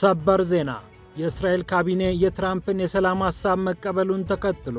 ሰበር ዜና የእስራኤል ካቢኔ የትራምፕን የሰላም ሐሳብ መቀበሉን ተከትሎ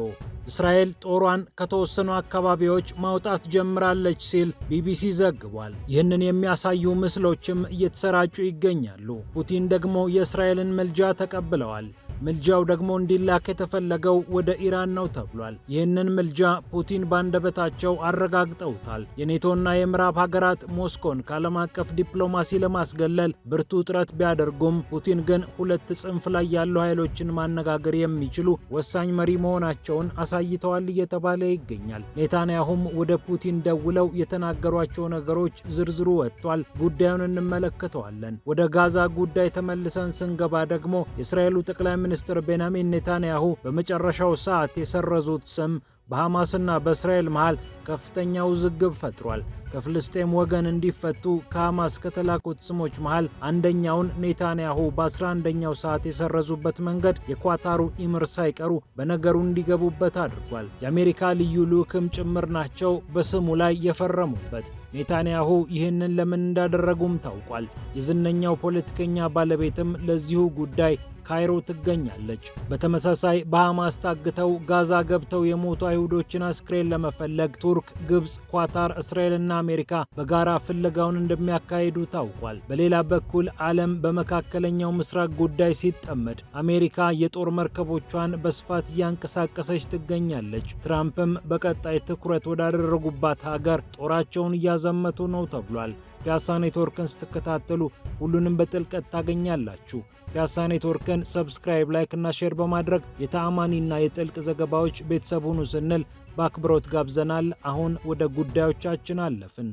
እስራኤል ጦሯን ከተወሰኑ አካባቢዎች ማውጣት ጀምራለች ሲል ቢቢሲ ዘግቧል። ይህንን የሚያሳዩ ምስሎችም እየተሰራጩ ይገኛሉ። ፑቲን ደግሞ የእስራኤልን ምልጃ ተቀብለዋል። ምልጃው ደግሞ እንዲላክ የተፈለገው ወደ ኢራን ነው ተብሏል። ይህንን ምልጃ ፑቲን ባንደበታቸው አረጋግጠውታል። የኔቶና የምዕራብ ሀገራት ሞስኮን ከዓለም አቀፍ ዲፕሎማሲ ለማስገለል ብርቱ ጥረት ቢያደርጉም ፑቲን ግን ሁለት ጽንፍ ላይ ያሉ ኃይሎችን ማነጋገር የሚችሉ ወሳኝ መሪ መሆናቸውን አሳይተዋል እየተባለ ይገኛል። ኔታንያሁም ወደ ፑቲን ደውለው የተናገሯቸው ነገሮች ዝርዝሩ ወጥቷል። ጉዳዩን እንመለከተዋለን። ወደ ጋዛ ጉዳይ ተመልሰን ስንገባ ደግሞ የእስራኤሉ ጠቅላይ ሚኒስትር ቤንያሚን ኔታንያሁ በመጨረሻው ሰዓት የሰረዙት ስም በሐማስና በእስራኤል መሃል ከፍተኛ ውዝግብ ፈጥሯል። ከፍልስጤም ወገን እንዲፈቱ ከሐማስ ከተላኩት ስሞች መሃል አንደኛውን ኔታንያሁ በ11ኛው ሰዓት የሰረዙበት መንገድ የኳታሩ ኢምር ሳይቀሩ በነገሩ እንዲገቡበት አድርጓል። የአሜሪካ ልዩ ልዑክም ጭምር ናቸው በስሙ ላይ የፈረሙበት። ኔታንያሁ ይህንን ለምን እንዳደረጉም ታውቋል። የዝነኛው ፖለቲከኛ ባለቤትም ለዚሁ ጉዳይ ካይሮ ትገኛለች። በተመሳሳይ በሐማስ ታግተው ጋዛ ገብተው የሞቱ አይሁዶችን አስክሬን ለመፈለግ ቱርክ፣ ግብፅ፣ ኳታር፣ እስራኤልና አሜሪካ በጋራ ፍለጋውን እንደሚያካሂዱ ታውቋል። በሌላ በኩል ዓለም በመካከለኛው ምስራቅ ጉዳይ ሲጠመድ አሜሪካ የጦር መርከቦቿን በስፋት እያንቀሳቀሰች ትገኛለች። ትራምፕም በቀጣይ ትኩረት ወዳደረጉባት ሀገር ጦራቸውን እያዘመቱ ነው ተብሏል። ፒያሳ ኔትወርክን ስትከታተሉ ሁሉንም በጥልቀት ታገኛላችሁ። ፒያሳ ኔትወርክን ሰብስክራይብ፣ ላይክ እና ሼር በማድረግ የተአማኒና የጥልቅ ዘገባዎች ቤተሰብ ሁኑ ስንል በአክብሮት ጋብዘናል። አሁን ወደ ጉዳዮቻችን አለፍን።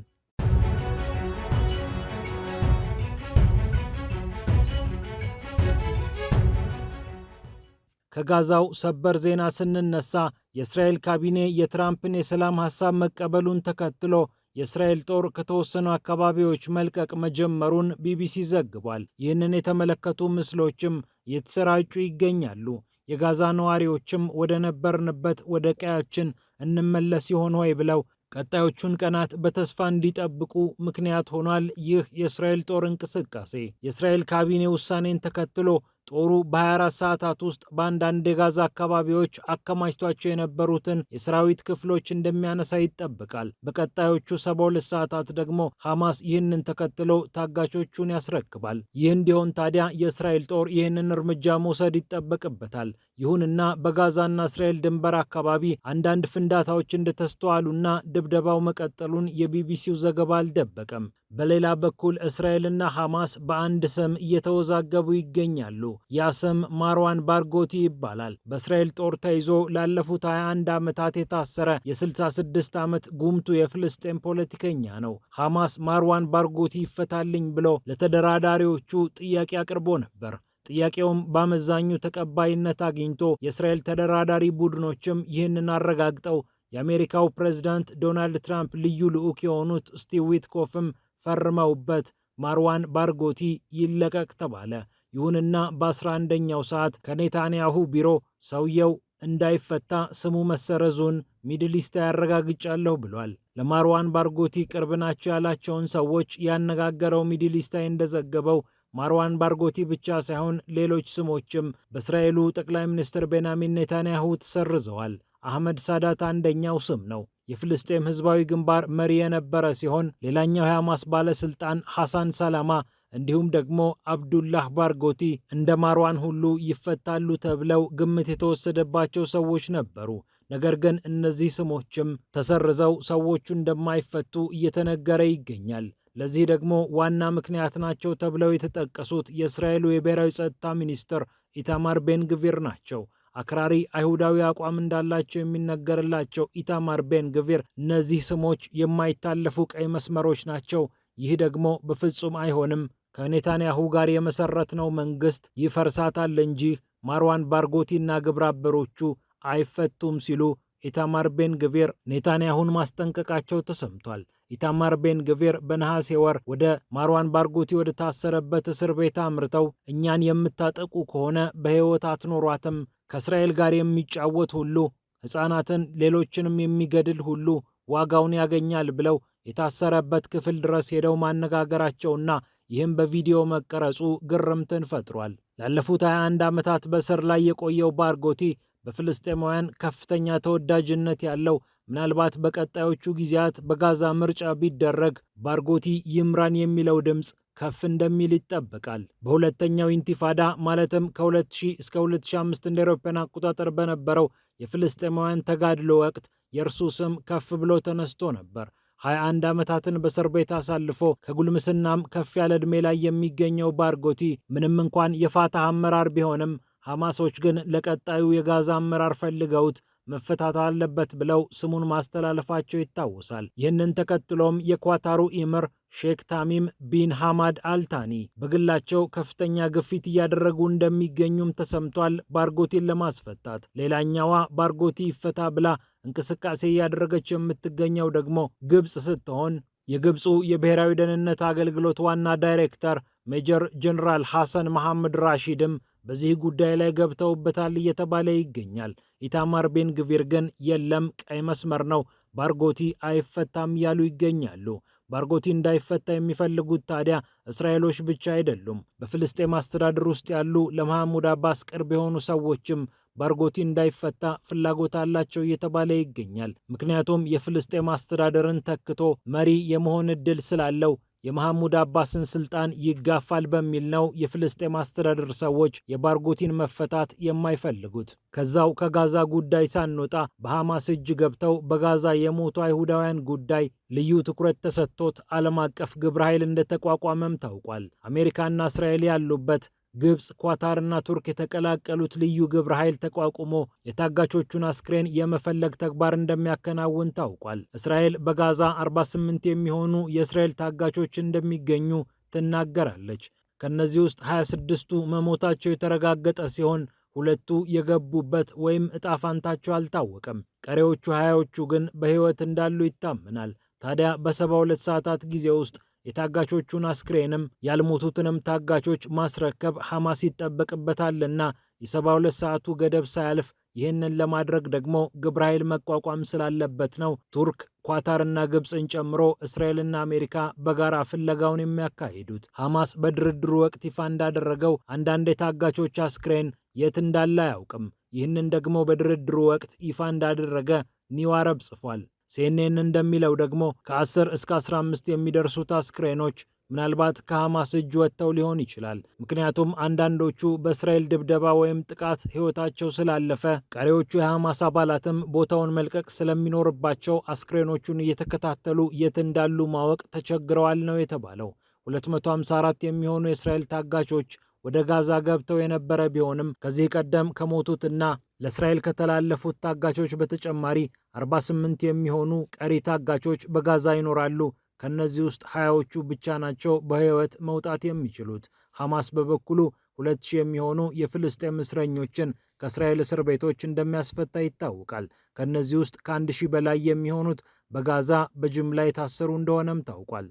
ከጋዛው ሰበር ዜና ስንነሳ የእስራኤል ካቢኔ የትራምፕን የሰላም ሐሳብ መቀበሉን ተከትሎ የእስራኤል ጦር ከተወሰኑ አካባቢዎች መልቀቅ መጀመሩን ቢቢሲ ዘግቧል። ይህንን የተመለከቱ ምስሎችም እየተሰራጩ ይገኛሉ። የጋዛ ነዋሪዎችም ወደ ነበርንበት ወደ ቀያችን እንመለስ ይሆን ወይ ብለው ቀጣዮቹን ቀናት በተስፋ እንዲጠብቁ ምክንያት ሆኗል። ይህ የእስራኤል ጦር እንቅስቃሴ የእስራኤል ካቢኔ ውሳኔን ተከትሎ ጦሩ በ24 ሰዓታት ውስጥ በአንዳንድ የጋዛ አካባቢዎች አከማችቷቸው የነበሩትን የሰራዊት ክፍሎች እንደሚያነሳ ይጠበቃል። በቀጣዮቹ 72 ሰዓታት ደግሞ ሐማስ ይህንን ተከትሎ ታጋቾቹን ያስረክባል። ይህ እንዲሆን ታዲያ የእስራኤል ጦር ይህንን እርምጃ መውሰድ ይጠበቅበታል። ይሁንና በጋዛና እስራኤል ድንበር አካባቢ አንዳንድ ፍንዳታዎች እንደተስተዋሉና ድብደባው መቀጠሉን የቢቢሲው ዘገባ አልደበቀም። በሌላ በኩል እስራኤልና ሐማስ በአንድ ስም እየተወዛገቡ ይገኛሉ። ያ ስም ማርዋን ባርጎቲ ይባላል። በእስራኤል ጦር ተይዞ ላለፉት 21 ዓመታት የታሰረ የ66 ዓመት ጉምቱ የፍልስጤን ፖለቲከኛ ነው። ሐማስ ማርዋን ባርጎቲ ይፈታልኝ ብሎ ለተደራዳሪዎቹ ጥያቄ አቅርቦ ነበር። ጥያቄውም በአመዛኙ ተቀባይነት አግኝቶ የእስራኤል ተደራዳሪ ቡድኖችም ይህንን አረጋግጠው የአሜሪካው ፕሬዝዳንት ዶናልድ ትራምፕ ልዩ ልዑክ የሆኑት ስቲቭ ዊትኮፍም ፈርመውበት ማርዋን ባርጎቲ ይለቀቅ ተባለ። ይሁንና በ11ኛው ሰዓት ከኔታንያሁ ቢሮ ሰውየው እንዳይፈታ ስሙ መሰረዙን ሚድሊስት ያረጋግጫለሁ ብሏል። ለማርዋን ባርጎቲ ቅርብ ናቸው ያላቸውን ሰዎች ያነጋገረው ሚድሊስታይ እንደዘገበው ማርዋን ባርጎቲ ብቻ ሳይሆን ሌሎች ስሞችም በእስራኤሉ ጠቅላይ ሚኒስትር ቤንያሚን ኔታንያሁ ተሰርዘዋል። አህመድ ሳዳት አንደኛው ስም ነው። የፍልስጤም ህዝባዊ ግንባር መሪ የነበረ ሲሆን ሌላኛው የሐማስ ባለስልጣን ሐሳን ሰላማ እንዲሁም ደግሞ አብዱላህ ባርጎቲ እንደ ማርዋን ሁሉ ይፈታሉ ተብለው ግምት የተወሰደባቸው ሰዎች ነበሩ። ነገር ግን እነዚህ ስሞችም ተሰርዘው ሰዎቹ እንደማይፈቱ እየተነገረ ይገኛል። ለዚህ ደግሞ ዋና ምክንያት ናቸው ተብለው የተጠቀሱት የእስራኤሉ የብሔራዊ ጸጥታ ሚኒስትር ኢታማር ቤንግቪር ናቸው። አክራሪ አይሁዳዊ አቋም እንዳላቸው የሚነገርላቸው ኢታማር ቤን ግቪር እነዚህ ስሞች የማይታለፉ ቀይ መስመሮች ናቸው፣ ይህ ደግሞ በፍጹም አይሆንም፣ ከኔታንያሁ ጋር የመሰረትነው መንግስት ይፈርሳታል እንጂ ማርዋን ባርጎቲና ግብረ አበሮቹ አይፈቱም ሲሉ ኢታማር ቤን ግቪር ኔታንያሁን ማስጠንቀቃቸው ተሰምቷል። ኢታማር ቤን ግቪር በነሐሴ ወር ወደ ማርዋን ባርጉቲ ወደ ታሰረበት እስር ቤት አምርተው እኛን የምታጠቁ ከሆነ በሕይወት አትኖሯትም፣ ከእስራኤል ጋር የሚጫወት ሁሉ ሕፃናትን፣ ሌሎችንም የሚገድል ሁሉ ዋጋውን ያገኛል ብለው የታሰረበት ክፍል ድረስ ሄደው ማነጋገራቸውና ይህም በቪዲዮ መቀረጹ ግርምትን ፈጥሯል። ላለፉት 21 ዓመታት በእስር ላይ የቆየው ባርጎቲ በፍልስጤማውያን ከፍተኛ ተወዳጅነት ያለው ምናልባት በቀጣዮቹ ጊዜያት በጋዛ ምርጫ ቢደረግ ባርጎቲ ይምራን የሚለው ድምፅ ከፍ እንደሚል ይጠበቃል። በሁለተኛው ኢንቲፋዳ ማለትም ከ2000 እስከ 2005 እንደ አውሮፓውያን አቆጣጠር በነበረው የፍልስጤማውያን ተጋድሎ ወቅት የእርሱ ስም ከፍ ብሎ ተነስቶ ነበር። 21 ዓመታትን በእስር ቤት አሳልፎ ከጉልምስናም ከፍ ያለ ዕድሜ ላይ የሚገኘው ባርጎቲ ምንም እንኳን የፋታህ አመራር ቢሆንም ሐማሶች ግን ለቀጣዩ የጋዛ አመራር ፈልገውት መፈታት አለበት ብለው ስሙን ማስተላለፋቸው ይታወሳል። ይህንን ተከትሎም የኳታሩ ኢምር ሼክ ታሚም ቢን ሐማድ አልታኒ በግላቸው ከፍተኛ ግፊት እያደረጉ እንደሚገኙም ተሰምቷል። ባርጎቲን ለማስፈታት ሌላኛዋ ባርጎቲ ይፈታ ብላ እንቅስቃሴ እያደረገች የምትገኘው ደግሞ ግብፅ ስትሆን የግብፁ የብሔራዊ ደህንነት አገልግሎት ዋና ዳይሬክተር ሜጀር ጀኔራል ሐሰን መሐመድ ራሺድም በዚህ ጉዳይ ላይ ገብተውበታል እየተባለ ይገኛል። ኢታማር ቤን ግቪር ግን የለም ቀይ መስመር ነው፣ ባርጎቲ አይፈታም እያሉ ይገኛሉ። ባርጎቲ እንዳይፈታ የሚፈልጉት ታዲያ እስራኤሎች ብቻ አይደሉም። በፍልስጤም አስተዳደር ውስጥ ያሉ ለመሐሙድ አባስ ቅርብ የሆኑ ሰዎችም ባርጎቲ እንዳይፈታ ፍላጎት አላቸው እየተባለ ይገኛል። ምክንያቱም የፍልስጤም አስተዳደርን ተክቶ መሪ የመሆን እድል ስላለው የመሐሙድ አባስን ስልጣን ይጋፋል በሚል ነው የፍልስጤም አስተዳደር ሰዎች የባርጎቲን መፈታት የማይፈልጉት። ከዛው ከጋዛ ጉዳይ ሳንወጣ በሐማስ እጅ ገብተው በጋዛ የሞቱ አይሁዳውያን ጉዳይ ልዩ ትኩረት ተሰጥቶት ዓለም አቀፍ ግብረ ኃይል እንደተቋቋመም ታውቋል። አሜሪካና እስራኤል ያሉበት ግብፅ፣ ኳታርና ቱርክ የተቀላቀሉት ልዩ ግብረ ኃይል ተቋቁሞ የታጋቾቹን አስክሬን የመፈለግ ተግባር እንደሚያከናውን ታውቋል። እስራኤል በጋዛ 48 የሚሆኑ የእስራኤል ታጋቾች እንደሚገኙ ትናገራለች። ከእነዚህ ውስጥ 26ቱ መሞታቸው የተረጋገጠ ሲሆን ሁለቱ የገቡበት ወይም እጣፋንታቸው አልታወቀም። ቀሪዎቹ ሀያዎቹ ግን በሕይወት እንዳሉ ይታመናል። ታዲያ በ72 ሰዓታት ጊዜ ውስጥ የታጋቾቹን አስክሬንም ያልሞቱትንም ታጋቾች ማስረከብ ሐማስ ይጠበቅበታልና የ72 ሰዓቱ ገደብ ሳያልፍ ይህንን ለማድረግ ደግሞ ግብረ ኃይል መቋቋም ስላለበት ነው ቱርክ ኳታርና ግብፅን ጨምሮ እስራኤልና አሜሪካ በጋራ ፍለጋውን የሚያካሂዱት። ሐማስ በድርድሩ ወቅት ይፋ እንዳደረገው አንዳንድ የታጋቾች አስክሬን የት እንዳለ አያውቅም። ይህንን ደግሞ በድርድሩ ወቅት ይፋ እንዳደረገ ኒው አረብ ጽፏል። ሲኤንኤን እንደሚለው ደግሞ ከ10 እስከ 15 የሚደርሱት አስክሬኖች ምናልባት ከሐማስ እጅ ወጥተው ሊሆን ይችላል። ምክንያቱም አንዳንዶቹ በእስራኤል ድብደባ ወይም ጥቃት ሕይወታቸው ስላለፈ፣ ቀሪዎቹ የሐማስ አባላትም ቦታውን መልቀቅ ስለሚኖርባቸው አስክሬኖቹን እየተከታተሉ የት እንዳሉ ማወቅ ተቸግረዋል ነው የተባለው። 254 የሚሆኑ የእስራኤል ታጋቾች ወደ ጋዛ ገብተው የነበረ ቢሆንም ከዚህ ቀደም ከሞቱትና ለእስራኤል ከተላለፉት ታጋቾች በተጨማሪ 48 የሚሆኑ ቀሪ ታጋቾች በጋዛ ይኖራሉ። ከነዚህ ውስጥ ሀያዎቹ ብቻ ናቸው በህይወት መውጣት የሚችሉት። ሐማስ በበኩሉ 2000 የሚሆኑ የፍልስጤም እስረኞችን ከእስራኤል እስር ቤቶች እንደሚያስፈታ ይታወቃል። ከእነዚህ ውስጥ ከ1000 በላይ የሚሆኑት በጋዛ በጅምላ የታሰሩ እንደሆነም ታውቋል።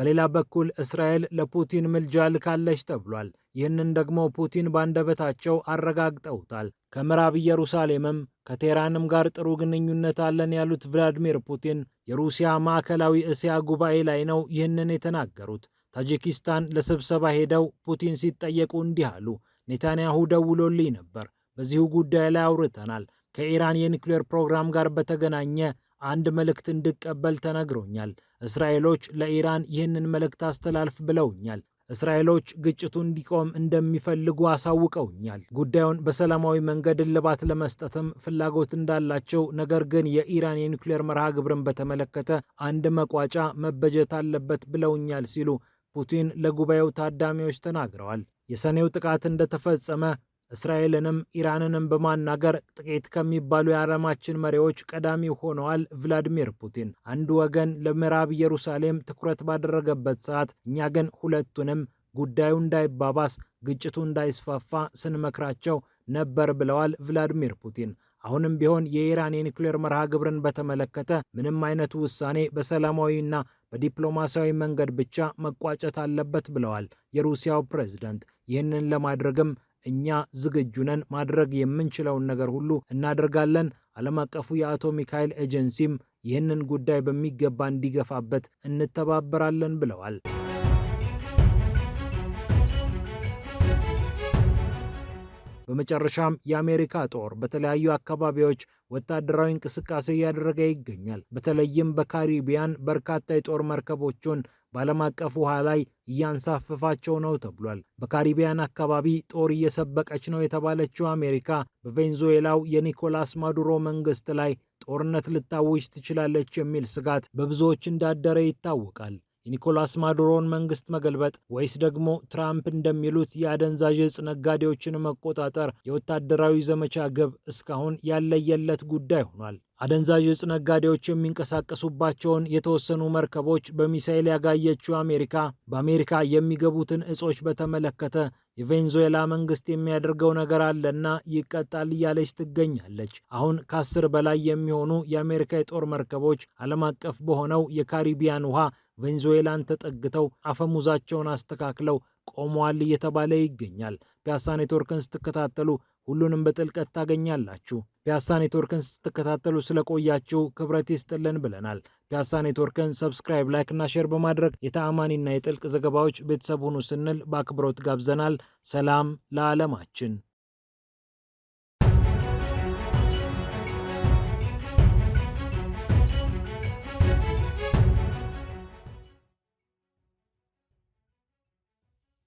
በሌላ በኩል እስራኤል ለፑቲን ምልጃ ልካለች ተብሏል። ይህንን ደግሞ ፑቲን ባንደበታቸው አረጋግጠውታል። ከምዕራብ ኢየሩሳሌምም ከቴህራንም ጋር ጥሩ ግንኙነት አለን ያሉት ቭላዲሚር ፑቲን የሩሲያ ማዕከላዊ እስያ ጉባኤ ላይ ነው ይህንን የተናገሩት። ታጂኪስታን ለስብሰባ ሄደው ፑቲን ሲጠየቁ እንዲህ አሉ። ኔታንያሁ ደውሎልኝ ነበር። በዚሁ ጉዳይ ላይ አውርተናል። ከኢራን የኒውክሌር ፕሮግራም ጋር በተገናኘ አንድ መልእክት እንድቀበል ተነግሮኛል። እስራኤሎች ለኢራን ይህንን መልእክት አስተላልፍ ብለውኛል። እስራኤሎች ግጭቱ እንዲቆም እንደሚፈልጉ አሳውቀውኛል። ጉዳዩን በሰላማዊ መንገድ እልባት ለመስጠትም ፍላጎት እንዳላቸው፣ ነገር ግን የኢራን የኒውክሌር መርሃ ግብርን በተመለከተ አንድ መቋጫ መበጀት አለበት ብለውኛል ሲሉ ፑቲን ለጉባኤው ታዳሚዎች ተናግረዋል። የሰኔው ጥቃት እንደተፈጸመ እስራኤልንም ኢራንንም በማናገር ጥቂት ከሚባሉ የዓለማችን መሪዎች ቀዳሚ ሆነዋል ቭላዲሚር ፑቲን። አንዱ ወገን ለምዕራብ ኢየሩሳሌም ትኩረት ባደረገበት ሰዓት እኛ ግን ሁለቱንም ጉዳዩ እንዳይባባስ፣ ግጭቱ እንዳይስፋፋ ስንመክራቸው ነበር ብለዋል ቭላዲሚር ፑቲን። አሁንም ቢሆን የኢራን የኒውክሌር መርሃ ግብርን በተመለከተ ምንም አይነቱ ውሳኔ በሰላማዊና በዲፕሎማሲያዊ መንገድ ብቻ መቋጨት አለበት ብለዋል የሩሲያው ፕሬዝዳንት። ይህንን ለማድረግም እኛ ዝግጁ ነን፣ ማድረግ የምንችለውን ነገር ሁሉ እናደርጋለን። ዓለም አቀፉ የአቶሚክ ኃይል ኤጀንሲም ይህንን ጉዳይ በሚገባ እንዲገፋበት እንተባበራለን ብለዋል። በመጨረሻም የአሜሪካ ጦር በተለያዩ አካባቢዎች ወታደራዊ እንቅስቃሴ እያደረገ ይገኛል። በተለይም በካሪቢያን በርካታ የጦር መርከቦቹን በዓለም አቀፍ ውሃ ላይ እያንሳፈፋቸው ነው ተብሏል። በካሪቢያን አካባቢ ጦር እየሰበቀች ነው የተባለችው አሜሪካ በቬንዙዌላው የኒኮላስ ማዱሮ መንግስት ላይ ጦርነት ልታውጅ ትችላለች የሚል ስጋት በብዙዎች እንዳደረ ይታወቃል። የኒኮላስ ማዱሮን መንግስት መገልበጥ ወይስ ደግሞ ትራምፕ እንደሚሉት የአደንዛዥ እጽ ነጋዴዎችን መቆጣጠር የወታደራዊ ዘመቻ ግብ እስካሁን ያለየለት ጉዳይ ሆኗል። አደንዛዥ እጽ ነጋዴዎች የሚንቀሳቀሱባቸውን የተወሰኑ መርከቦች በሚሳኤል ያጋየችው አሜሪካ በአሜሪካ የሚገቡትን እጾች በተመለከተ የቬንዙዌላ መንግስት የሚያደርገው ነገር አለና ይቀጣል እያለች ትገኛለች። አሁን ከአስር በላይ የሚሆኑ የአሜሪካ የጦር መርከቦች ዓለም አቀፍ በሆነው የካሪቢያን ውሃ ቬንዙዌላን ተጠግተው አፈሙዛቸውን አስተካክለው ቆመዋል እየተባለ ይገኛል። ፒያሳ ኔትወርክን ስትከታተሉ ሁሉንም በጥልቀት ታገኛላችሁ። ፒያሳ ኔትወርክን ስትከታተሉ ስለቆያችሁ ክብረት ይስጥልን ብለናል። ፒያሳ ኔትወርክን ሰብስክራይብ፣ ላይክ እና ሼር በማድረግ የተአማኒና የጥልቅ ዘገባዎች ቤተሰብ ሁኑ ስንል በአክብሮት ጋብዘናል። ሰላም ለዓለማችን።